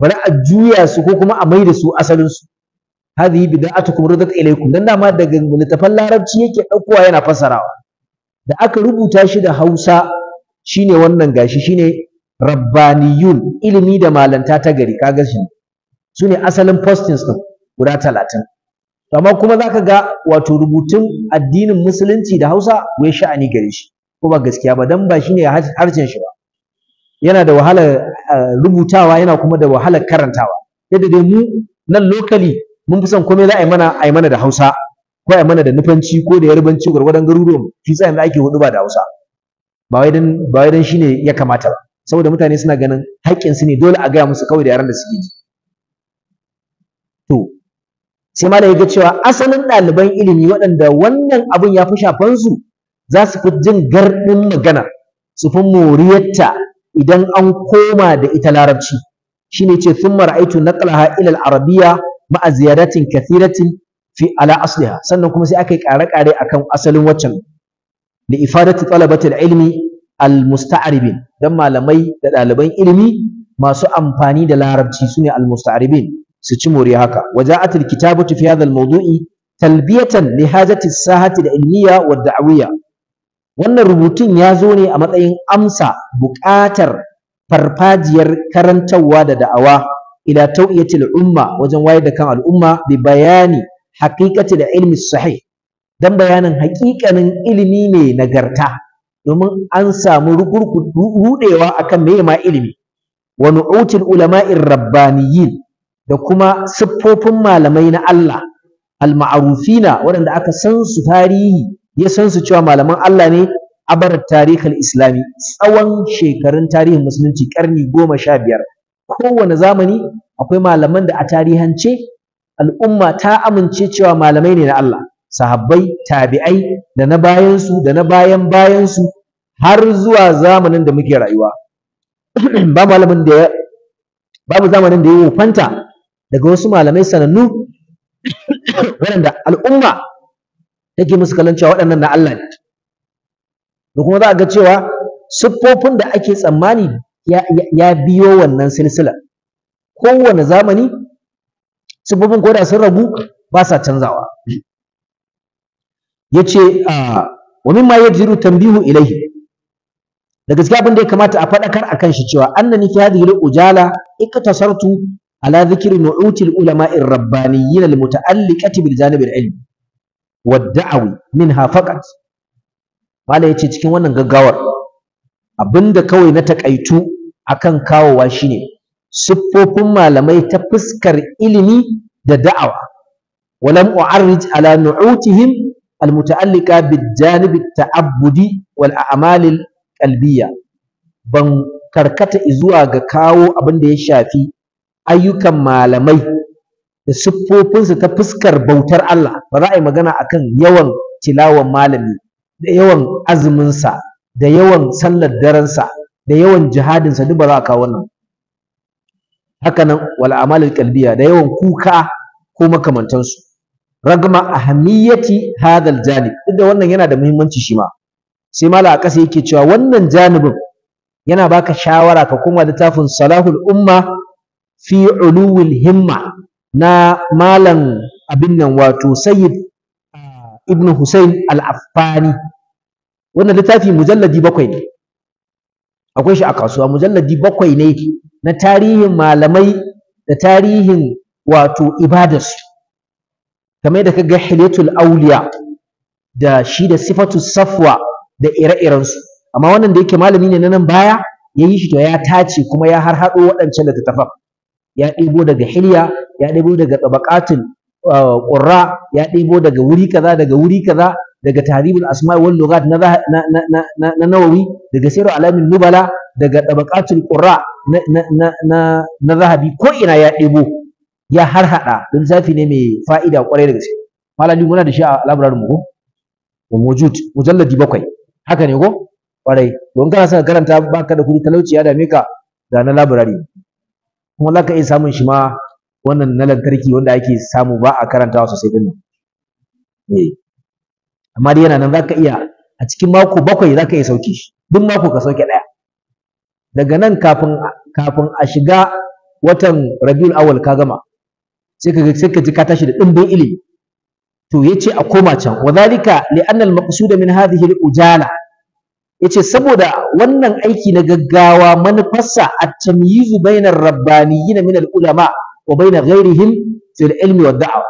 bari a juya su ko kuma a maida su asalinsu hadhihi bid'atukum raddat ilaykum dan dama daga littafan larabci yake ɗaukowa yana fasarawa da aka rubuta shi da hausa shine wannan gashi shine rabbaniyun ilimi da malanta ta gari kaga gashi sune asalin postings din guda talatin amma kuma zaka ga wato rubutun addinin musulunci da hausa wai sha'ani gare shi ko ba gaskiya ba dan ba shine harshen shi ba yana da wahalar eh, rubutawa yana kuma da wahalar karantawa yadda dai mu nan lokali mun fi son komai za a yi mana a yi mana da hausa ko a yi mana da nufanci ko da yarbanci gwargwadon garuruwan fi tsayin da ake hudu ba da hausa ba wai dan ba wai dan shine ya kamata ba saboda mutane suna ganin haƙƙinsu su ne dole a gaya musu kawai da yaran da suke ji to sai malam ya ga cewa asalin ɗaliban ilimi waɗanda wannan abin ya fi shafan su za su fi jin garɗin magana su fi moriyarta idan an koma da ita larabci shine ce thumma ra'aytu naqlaha ila al-arabiyya ma'a ziyadatin kathiratin fi ala asliha sannan kuma sai aka yi ƙare-ƙare akan asalin waccan li ifadati talabati al-ilmi al-musta'ribin dan malamai da ɗaliban ilimi masu amfani da larabci sune almusta'ribin su ci moriya haka waja'atul kitabatu fi da almawdu'i talbiyatan li hajati sahati da ilmiya wa da'awiyya wannan rubutun ya zo ne a matsayin amsa buƙatar farfajiyar karantarwa da da'awa ila tau'iyatil umma wajen wayar da kan al'umma bi bayani haqiqati da ilmi sahih dan bayanin haƙiƙanin ilimi mai nagarta domin an samu rudewa akan meye ma ilimi wa nu'util ulama'ir rabbaniyin da kuma siffofin malamai na Allah al-ma'rufina waɗanda aka san su tarihi ya san su cewa malaman Allah ne abar tarihal islami tsawon shekarun tarihin musulunci karni goma sha biyar kowane zamani akwai malaman da a tarihance al'umma ta amince cewa malamai ne na Allah sahabbai tabi'ai da na bayansu da na bayan bayansu har zuwa zamanin da muke rayuwa ba malamin da babu zamanin da ya wufanta daga wasu malamai sanannu waɗanda al'umma take musu kallon cewa waɗannan na Allah ne da kuma za a ga cewa siffofin da ake tsammani ya biyo wannan silsila kowane zamani siffofin ko da sun rabu ba sa canzawa yace ah, wa mimma yajiru tanbihu ilayhi da gaskiya abin da ya kamata a faɗakar akan shi cewa annani fi hadhihi al-ujala iktasartu ala dhikri nu'util ulama'i ar-rabbaniyyin al-muta'alliqati bil janib al-ilmi wad-da'wi minha faqat mala yace cikin wannan gaggawar abinda kawai na takaitu akan kawowa shine siffofin malamai ta fuskar ilimi da da'awa walam u'arrij ala nu'utihim almuta'allika bijanib ta'abbudi wal a'malil qalbiyya ban karkata zuwa ga kawo abin da ya shafi ayyukan malamai da siffofinsu ta fuskar bautar Allah ba za a yi magana akan yawan tilawan malami da yawan azuminsa da yawan sallar darensa da yawan jihadinsa duk ba za a kawo wannan haka nan wal a'malil da yawan kuka ko makamantansu ragma ahamiyati hadal janib duk da wannan yana da muhimmanci shi ma sai mala a ƙasa yake cewa wannan janibin yana baka shawara ka koma littafin salahul umma fi uluwil himma na malam abin nan wato sayyid ah, Ibnu husain al-affani wannan littafi mujalladi bakwai ne akwai shi a kasuwa mujalladi bakwai ne na tarihin malamai da tarihin wato ibadarsu kamar da kaga hilatul auliya da shi da sifatu safwa da ire-irensu amma wannan da yake malami ne na nan baya ya yi shi to ya tace kuma ya har waɗancan littattafan ya ɗebo daga hilya ya ɗebo daga tabaqatul uh, qurra ya ɗebo daga wuri kaza daga wuri kaza daga tahribul asma wal lughat na na nawawi daga sirru alamin nubala daga tabaqatul qurra na na na zahabi ko ina ya ɗebo ya harhaɗa zafi ne mai fa'ida ƙwarai da gaske malami muna da shi a labrar mu ko mujud mujalladi bakwai haka ne ko ƙwarai don kana son karanta baka da kuɗi talauci ya dame ka da na labrari kuma za ka iya samun shi ma wannan na lantarki wanda ake samu ba a karantawa sosai din nan eh. amma dai yana nan za ka iya a cikin mako bakwai za ka iya sauke shi duk mako ka sauke ɗaya daga nan kafin kafin a shiga watan rabiul awal ka gama sai ka sai ka ji ka tashi da dimbin ilimi to yace a koma can wa zalika li anna al-maqsud min hadhihi al-ujala yace saboda wannan aiki na gaggawa manufarsa at-tamyizu bayna ar-rabbaniyyin min al-ulama wa bayna ghayrihim fil ilmi wad da'wa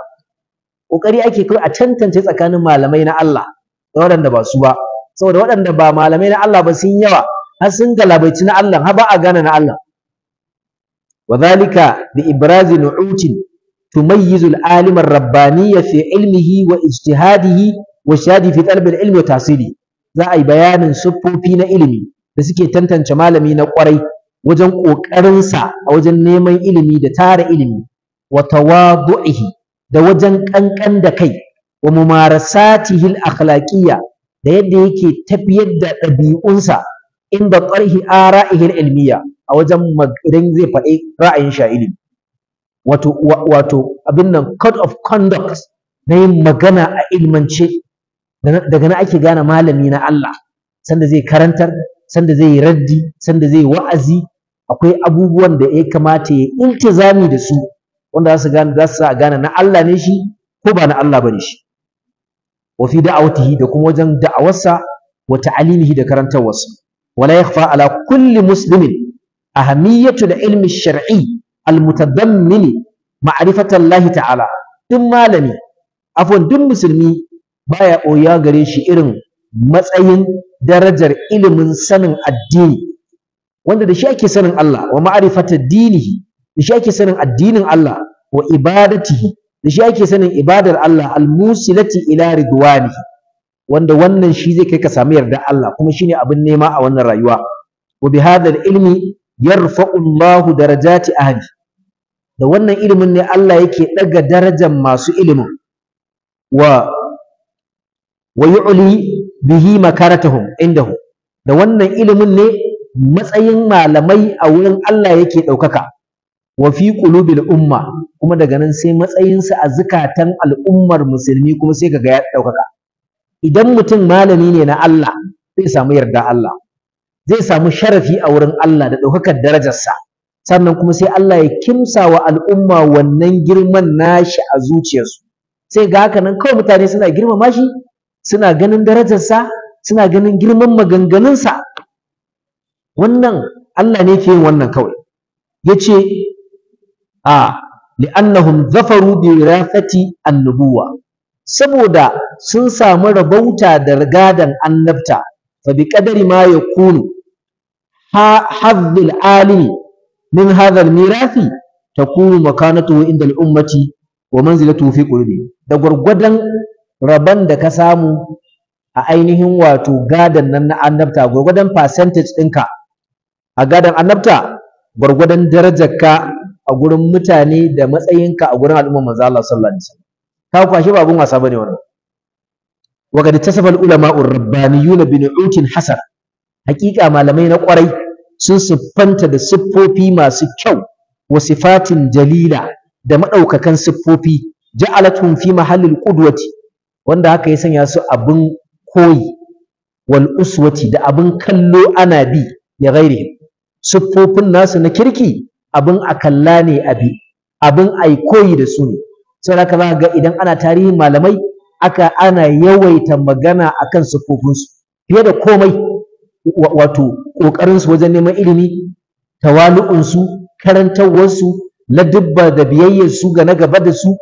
kokari ake kai a tantance tsakanin malamai na Allah da waɗanda ba su ba saboda waɗanda ba malamai na Allah ba sun yawa har sun galabaici na Allah har ba a gane na Allah wa zalika bi ibrazi nu'utin tumayyizu al-alim ar-rabbaniyya fi ilmihi wa ijtihadihi wa shadi fi talab ilmi wa za a yi bayanin siffofi na ilimi da suke tantance malami na kwarai wajen ƙoƙarinsa a wajen neman ilimi da tara ilimi wa tawadu'ihi da wajen ƙanƙan da kai wa mumarasatihi al-akhlaqiyya da yadda yake tafiyar da ɗabi'unsa inda ƙarhi ara'ihi al-ilmiyya a wajen zai faɗi ra'ayin sha ilimi wato wato abin nan code of conduct na yin magana a ilmance daga na ake gane malami na Allah sanda zai karantar sanda zai raddi sanda zai wa'azi akwai abubuwan da ya kamata ya iltizami da su wanda za su gane za su gane na Allah ne shi ko ba na Allah bane shi wa fi da'awatihi da kuma wajen da'awarsa wa ta'alimihi da karantarwarsa wala yakhfa ala kulli muslimin ahamiyatu da ilmi shar'i almutadammini ma'rifatan lahi ta'ala duk malami afwan duk musulmi baya koya gare shi irin matsayin darajar ilimin sanin addini wanda da shi ake sanin Allah wa ma'rifata dinihi da shi ake sanin addinin Allah wa ibadatihi da shi ake sanin ibadar Allah almusilati ila ridwanihi wanda wannan shi zai kai ka sami yarda Allah kuma shine abin nema a wannan rayuwa wa bihadha ilmi yarfa'u Allahu darajati ahli da wannan ilimin ne Allah yake ɗaga darajar masu ilimin wa wa yu'li bihi makaratahum indahu da wannan ilimin ne matsayin malamai a wurin Allah yake ɗaukaka wa fi qulubil umma kuma daga nan sai matsayinsa a zukatan al'ummar musulmi kuma sai kaga ya ɗaukaka idan mutum malami ne na Allah zai samu yarda Allah zai samu sharafi a wurin Allah da ɗaukakar darajarsa sannan kuma sai Allah ya kimsa wa al'umma wannan girman nashi a zuciyarsu sai ga haka nan kawai mutane suna girmama shi suna ganin darajarsa suna ganin girman maganganunsa wannan Allah ne ke yin wannan kawai yace a li'annahum zafaru bi rafati annubuwa saboda sun samu rabauta da rigadan annabta fa bi qadari ma yakunu ha hazzul alimi min hadha almirasi takunu makanatuhu inda al'ummati wa manzilatuhu fi qulubi da gurgurdan raban da ka samu a ainihin wato gadan nan na annabta gurgurdan percentage ɗinka a gadan annabta gurgurdan darajarka a gurin mutane da matsayinka a gurin al'umma manzo Allah sallallahu alaihi wasallam ka kwashi ba abun wasa bane wannan wa qad tasafa al-ulama ar-rabbaniyun bi nu'utin hasan haqiqa malamai na kwarai sun siffanta da siffofi masu kyau wa sifatin jalila da maɗaukakan siffofi ja'alatum fi mahallil qudwati wanda haka ya sanya su abin koyi wal uswati da abin kallo ana bi ya gaire siffofin nasu na kirki abin a kalla ne abi abin ai koyi da su ne sai haka za ga idan ana tarihin malamai aka ana yawaita magana akan siffofinsu fiye da komai wato ƙoƙarinsu wajen neman ilimi tawalu'unsu karantarwarsu na dubba da biyayyarsu ga na gaba da su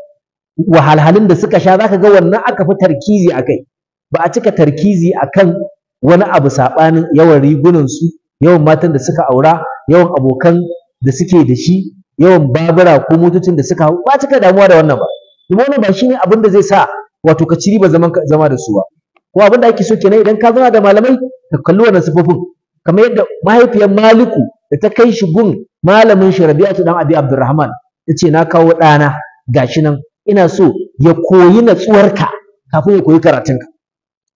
wahalhalin da suka sha zaka ga wannan aka fi tarkizi a kai ba a cika tarkizi a kan wani abu saɓanin yawan rigunansu yawan matan da suka aura yawan abokan da suke da shi yawan babura ko motocin da suka hau ba cika damuwa da wannan ba domin wannan ba shine abin da zai sa wato ka ci ba zaman zama da su ba ko abin da ake so kenan idan ka zauna da malamai ka kalli wannan sifofin kamar yadda mahaifiyar maliku da ta kai shi gun malamin shi rabi'atu dan abi abdurrahman ta ce na kawo ɗana gashi nan ina so ya koyi ka kafin ya koyi karatunka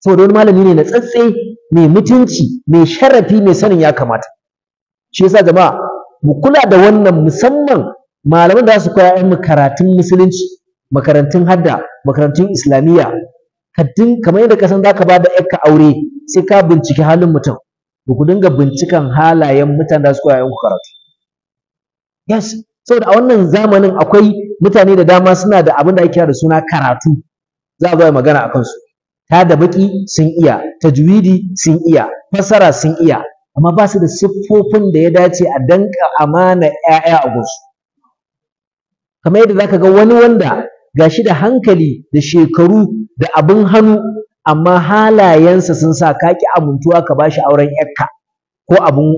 saboda wani malami ne na tsatse mai mutunci mai sharafi mai sanin ya kamata shi yasa jama'a mu kula da wannan musamman malaman da za su koya 'yan karatun musulunci makarantun hadda makarantun islamiyya ka din kamar yadda ka san zaka ba da ka aure sai ka binciki halin mutum ba ku dinga bincikan halayen mutanen da suka yayin ku karatu yes saboda a wannan zamanin akwai mutane da dama suna da abin da ake da suna karatu za a zo magana akan su ta da baki sun iya tajwidi sun iya fasara sun iya amma ba su da siffofin da ya dace a danka amana ƴaƴa a gosu kamar yadda zaka ga wani wanda gashi da hankali da shekaru da abin hannu amma halayensa sun sa ka ki amintuwa ka bashi auren yarka ko abin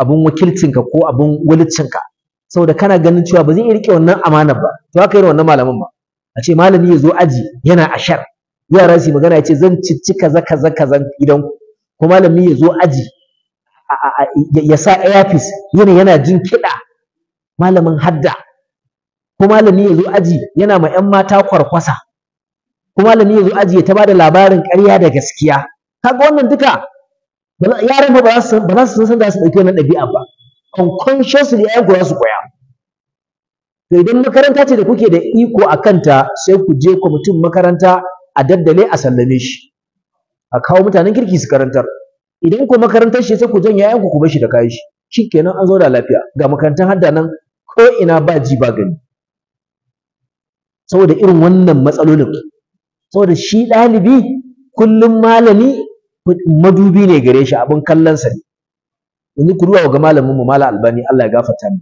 abin wakilcinka ko abin walicinka saboda kana ganin cewa ba zai iya rike wannan amanar ba to haka irin wannan malamin ba a ce malami ya zo aji yana ashar yara su magana ya ce zan cicci kaza kaza kaza idan ko malami ya zo aji ya sa earpiece yana yana jin kiɗa malamin hadda ko malami ya zo aji yana ma 'yan mata kwarkwasa ko malami ya zo aji ya ta da labarin ƙarya da gaskiya kaga wannan duka yaran ba ba za su san da su ɗauki wannan ɗabi'a ba unconsciously ya ku za su koya to idan makaranta ce da kuke da iko a kanta sai ku je kwamitin makaranta a daddale a sallame shi a kawo mutanen kirki su karantar idan ku makarantar shi sai ku janye yayan ku ku bar shi da kayan shi shikenan an zo da lafiya ga makarantar hadda nan ko ina ba ji ba gani saboda irin wannan matsalolin saboda shi ɗalibi kullum malami madubi ne gare shi abin kallonsa ne yanzu ku ga malamin mu malam albani Allah ya gafarta mu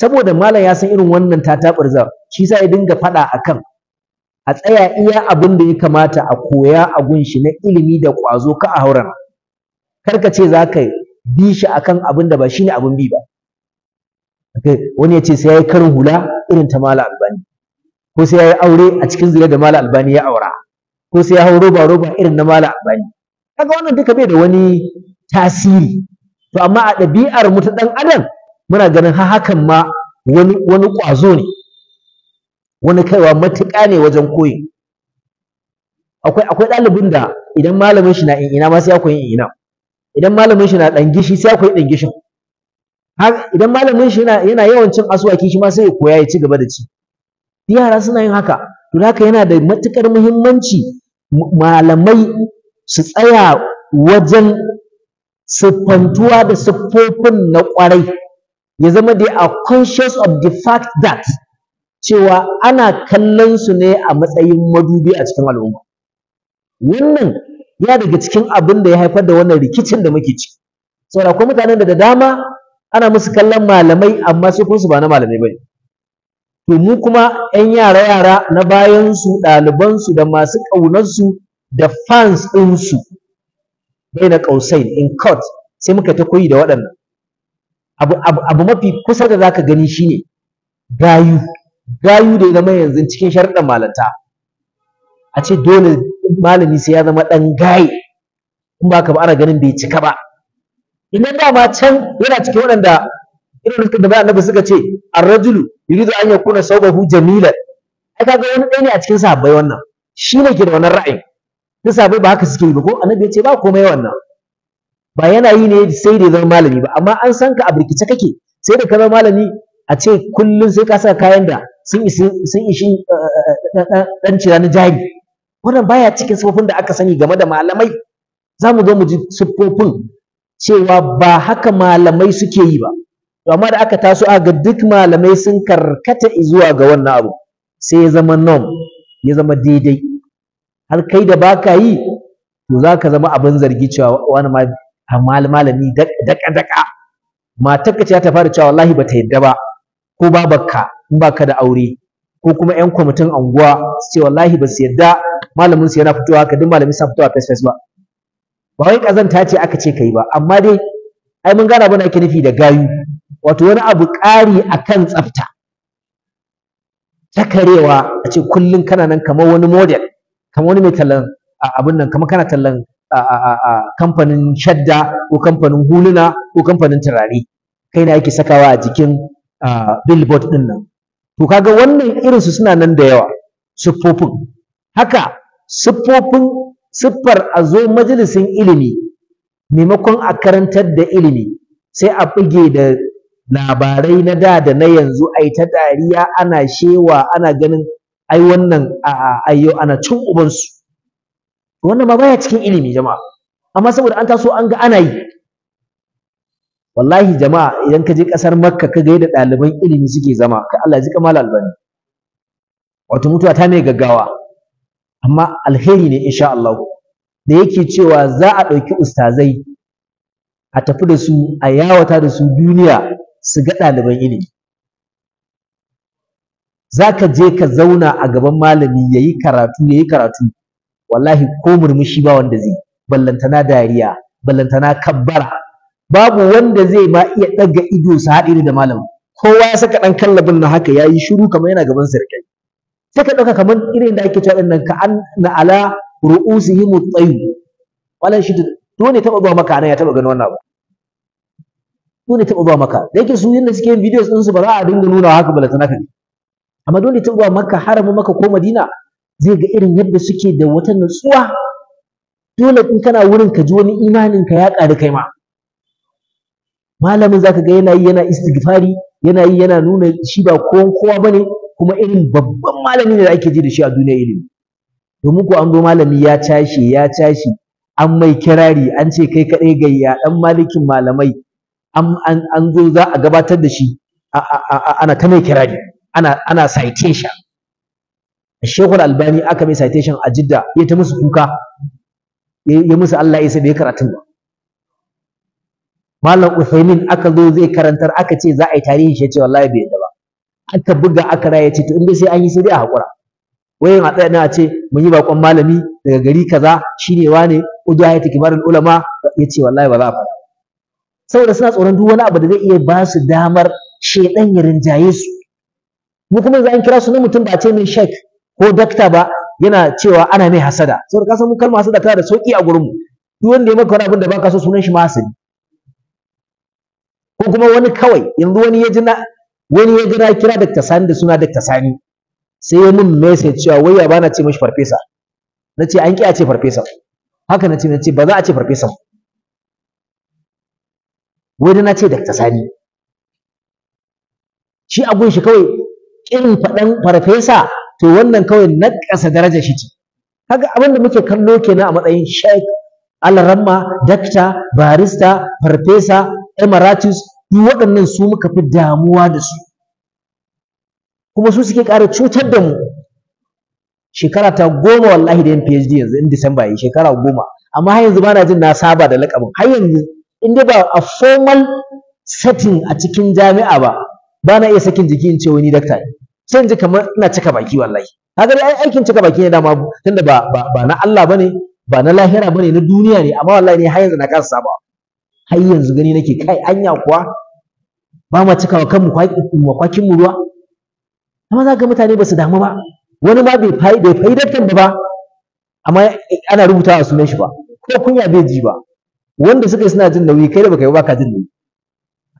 saboda malam ya san irin wannan za, shi sa ya dinga faɗa akan a tsaya iya abin da ya kamata a koya a gun shi na ilimi da ƙwazo ka a hauran kar ka ce za ka bi shi akan abin da ba shine abin bi ba wani ya ce sai ya yi karin hula irin ta malam albani ko sai ya yi aure a cikin zuriya da mala albani ya aura ko sai ya hau roba roba irin na mala albani kaga wannan duka bai da wani tasiri to amma a ɗabi'ar mu ta ɗan adam muna ganin ha hakan ma wani wani ƙwazo ne wani kaiwa matuƙa ne wajen koyi akwai akwai ɗalibin da idan malamin shi na ina ma sai ya koyi ina idan malamin shi na ɗan gishi sai ya koyi ɗan gishin idan malamin shi yana yawan cin asuwaki shi ma sai ya koya ya ci gaba da ci yara suna yin haka to haka yana da matukar muhimmanci malamai su tsaya wajen siffantuwa da siffofin na kwarai ya zama dai a conscious of the fact that cewa ana kallon su ne a matsayin madubi a cikin al'umma wannan ya daga cikin abin da ya haifar da wannan rikicin da muke ciki, saboda akwai mutanen da da dama ana musu kallon malamai amma su ba na malamai bane to mu kuma 'yan yara-yara na bayansu ɗalibansu da masu ƙaunarsu da fans ɗinsu bai na ƙausai in court sai muka ta koyi da waɗannan abu, abu, abu mafi kusa da zaka gani shine gayu gayu da ya zama yanzu cikin sharɗin malanta a ce dole malami sai ya zama ɗan gaye Kuma ka ba ana ganin bai cika ba idan dama can yana cikin waɗanda irin rufin da ba annabi suka ce ar-rajulu yuridu an yakuna sawbahu Jamila. ai kaga wani ɗaya ne a cikin sahabbai wannan shi ne ke da wannan ra'ayin duk sahabbai ba haka suke yi ba ko annabi ya ce ba komai wannan ba yana yi ne sai da zama malami ba amma an san ka a birkice kake sai da ka zama malami a ce kullum sai ka sa kayan da sun ishi sun ishi dan eh, eh, eh, cira na jari wannan baya cikin sufofin da aka sani game da malamai za mu zo mu ji siffofin cewa ba haka malamai suke yi ba to amma da aka taso aka duk malamai sun karkata zuwa ga wannan abu sai ya zama norm ya zama daidai har kai da baka yi to za ka zama abin zargi cewa wani malami daka daka mata ce ta fara cewa wallahi ba ta yadda ba ko babarka in baka da aure ko kuma yan kwamitin anguwa su ce wallahi ba su yadda malamin su yana fitowa haka duk malami sa fitowa face face ba ba wai kazanta ce aka ce kai ba amma dai ai mun gana bana ake nufi da gayu wato wani abu ƙari akan tsafta takarewa a ce kullum kana nan kamar wani model kamar wani mai tallan abin nan kamar kana tallan kamfanin shadda ko kamfanin huluna ko kamfanin turare kai na yake sakawa a jikin billboard din nan to kaga wannan irin su suna nan da yawa siffofin haka siffofin siffar a zo majalisin ilimi maimakon a karantar da ilimi sai a buge da labarai na da da na yanzu ai ta dariya ana shewa ana ganin ai wannan ayo ana cin ubansu wannan ma baya cikin ilimi jama'a amma saboda an taso an ga ana yi wallahi jama'a idan ka je kasar makka ka ga yadda ɗaliban ilimi suke zama ka Allah ji kamal albani wato mutuwa ta mai gaggawa amma alheri ne insha Allah da yake cewa za a ɗauki ustazai a tafi da su a yawata da su duniya su ga ɗaliban ilimi za ka je ka zauna a gaban malami ya yi karatu ya yi karatu wallahi ko murmushi ba wanda zai ballantana dariya ballantana kabbara babu wanda zai ma iya ɗaga ido su haɗe da malam kowa ya saka ɗan kallabin na haka ya yi shiru kamar yana gaban sarki sai ka ɗauka kamar irin da ake cewa nan ka an na ala ru'usihim tsayu wallahi shi dole taɓa zuwa maka nan ya taɓa ganin wannan abu dole ta zuwa maka da yake su yanda suke yin videos ɗinsu ba za a dinga nuna haka ba latana kan amma dole ta zuwa maka haramun maka ko madina zai ga irin yadda suke da wata nutsuwa dole in kana wurin ka ji wani imanin ka ya ƙaru kai ma malamin zaka ga yana yi yana istighfari yana yi yana nuna shi ba kowa bane kuma irin babban malami ne da ake ji da shi a duniya ilimi domin ko an zo malami ya tashi ya tashi an mai kirari an ce kai kaɗai gayya ɗan malikin malamai an zo za a gabatar da shi ana ta mai kirari ana ana citation Sheikhul Albani aka mai citation a Jidda ya ta musu kuka ya musu Allah ya sabe karatun ba Malam Uthaymin aka zo zai karantar aka ce za a yi tarihin shi ya ce wallahi bai yadda ba aka buga aka raya ce to in dai sai an yi sai dai a hakura wayin a tsaya na ce mun yi bakon malami daga gari kaza shine wane ya ujahiyatu marar ulama ya ce wallahi ba za a fara saboda suna tsoron duk wani abu da zai iya ba su damar shedan ya rinjaye su mu kuma za a kira sunan mutum ba a ce min shek ko dakta ba yana cewa ana mai hasada saboda san mu kalmar hasada tana da sauki a gurin mu duk wanda ya maka wani abin da baka so sunan shi ma hasadi ko kuma wani kawai yanzu wani ya ji na wani ya ga kira dakta sani da suna dakta sani sai ya min message cewa wai ya bana ce mishi farfesa na ce an ƙi a ce farfesa haka na ce na ce ba za a ce farfesa ba wai na ce dakta Sani shi abun shi kawai irin faɗan farfesa to wannan kawai na ƙasa daraja shi ce kaga abin da muke kallo kenan a matsayin sheik alramma dakta barista farfesa emiratus, duk waɗannan su muka fi damuwa da su kuma su suke ƙara cutar da mu shekara ta goma wallahi da yin phd yanzu in disamba yi shekara goma amma har yanzu ba na jin na saba da laƙabin har yanzu in dai ba a formal setting a cikin jami'a ba ba na iya sakin jiki in ce wani dakta ne sai in ji kamar ina cika baki wallahi kaga dai aikin cika baki ne dama tunda ba ba na Allah bane ba na lahira bane na duniya ne amma wallahi ne har yanzu na kansa ba har yanzu gani nake kai anya kuwa ba ma cika wa kanmu kwakin mu ruwa amma za ga mutane ba su damu ba wani ma bai fai bai faidar ba amma ana rubutawa sunan shi ba ko kunya bai ji ba wanda suka yi suna jin nauyi kai da baka yi ba ka jin nauyi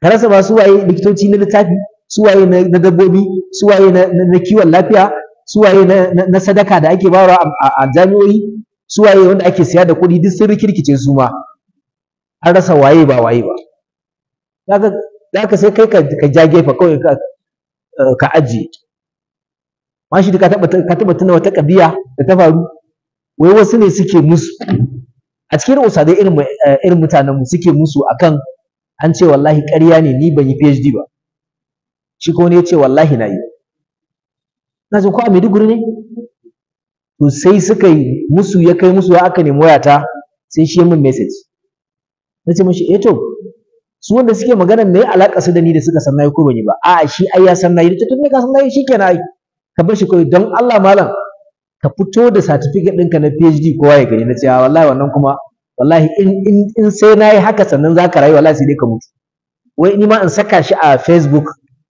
ka rasa ba su waye likitoci na littafi su waye na dabbobi su waye na kiwon lafiya su waye na sadaka da ake bawa a jami'o'i su waye wanda ake siya da kuɗi duk sun rikirkice su ma an rasa waye ba waye ba ka sai kai ka ja gefe kawai ka eh, ajiye mashi ka taɓa tuna wata ƙabiya da ta faru wai wasu ne suke musu a cikin usadai dai eh, irin mutanenmu suke musu akan an ce wallahi ƙarya ne ni ban yi PhD ba shi ko ne ya ce wallahi na yi na ce ko a Maiduguri ne to sai suka yi musu ya kai musu ya aka nemi wayata sai shi min message na ce mashi eh to su wanda suke magana me ya alaka su da ni da suka san nayi ko ban yi ba a'a shi ai ya san nayi to tun ne ka san nayi shikenan ai ka bar shi kawai don Allah malam ka fito da certificate ɗinka na PhD kowa ya gani na ce ah, wallahi wannan kuma wallahi in in in sai nayi haka sannan zaka rayu wallahi sai dai ka mutu wai ni ma in saka shi a Facebook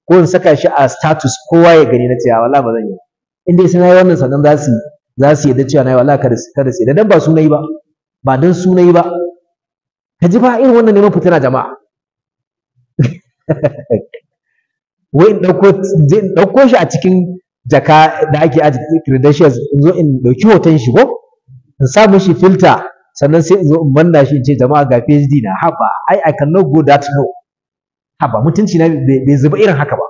ko in saka shi a status kowa ya gani na ce ah, wallahi ba zan yi in dai sai nayi wannan sannan za su za su yadda cewa nayi wallahi kada su kada su yadda dan ba su ba ba dan su ba ka ji ba irin wannan neman fitina jama'a wai in ɗauko shi a cikin jaka da ake aji credentials in zo in ɗauki hoton shi ko in sa mishi filter sannan sai in zo in manna shi in ce jama'a ga PhD na haba ai I cannot go that no haba mutunci na bai zuba irin haka ba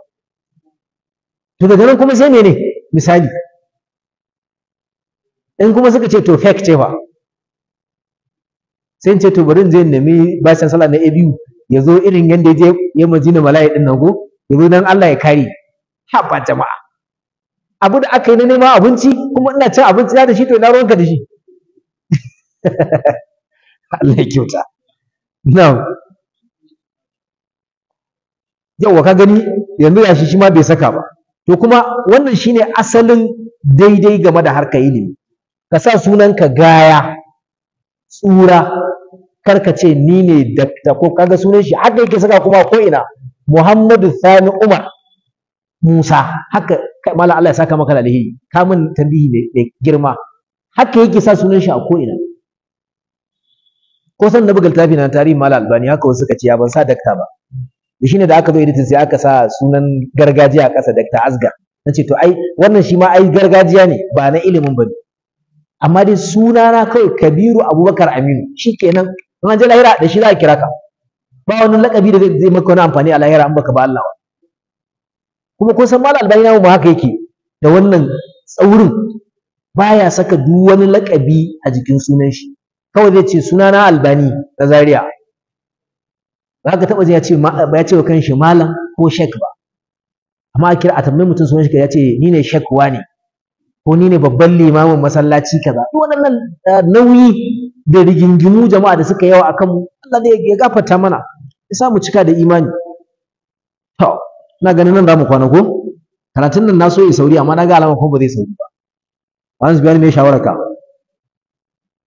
to daga nan kuma sai mene misali in kuma suka ce to fake ce fa sai in ce to bari in je in nemi bashin sallah na ABU ya zo irin yanda ya je ya majina na din nan ko ya zo dan Allah ya kare haba jama'a abu da aka yi na neman abinci kuma ina cin abinci na da shi to ina ruwanka da shi Allah ya kyauta na'am yawa ka gani yanzu ya shi shi ma bai saka ba to kuma wannan shine asalin daidai game da harkar ilimi ka sa sunanka gaya tsura kar ka ce ni ne dakta ko kaga sunan shi haka yake saka kuma ko ina Muhammadu Sani Umar Musa haka kai mala Allah ya saka maka alheri ka mun tambihi mai girma haka yake sa sunan shi a ko ina ko san na buga littafi na tarihi mala albani haka wasu suka ce ya ban sa dakta ba da shine da aka zo editing sai aka sa sunan gargajiya a ƙasa dakta asgar nace to ai wannan shi ma ai gargajiya ne ba na ilimin bane amma dai suna na kai kabiru abubakar aminu shikenan in an je lahira da shi za a kira ka ba wani lakabi da zai maka wani amfani a lahira an baka ba Allah kuma kun san malam albani namu haka yake da wannan tsaurin baya saka duk wani lakabi a jikin sunan shi kawai zai ce sunana albani na zaria ba ka taɓa zai ya ce ya ce wa kanshi malam ko shek ba amma a kira a tambayi mutum sunan shi ya ce ni ne shek ne ko ni ne babban limamin masallaci kaza duk wannan eh, nauyi da rigingimu jama'a da suka yawa akan mu Allah zai ya gafarta mana ya mu cika da imani to ina ganin nan mu kwana ko karatun nan na so yi sauri amma na ga alama kuma ba zai sauri ba su zubiyan mai shawara ka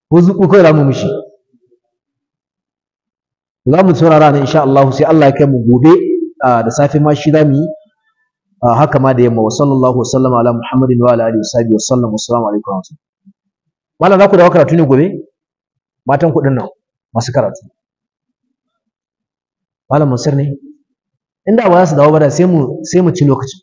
ko zuku kai ramu mishi za mu saurara ne insha Allah sai Allah ya kai mu gobe ah, da safe ma shi zamu yi ah, haka ma da yamma wa sallallahu wasallam ala muhammadin wa ala alihi wasabi wa sallam assalamu alaikum wa malam za ku dawo karatu ne gobe matan kuɗin nan masu karatu malam mansur ne inda ba za su dawo ba da sai mu sai mu ci lokaci.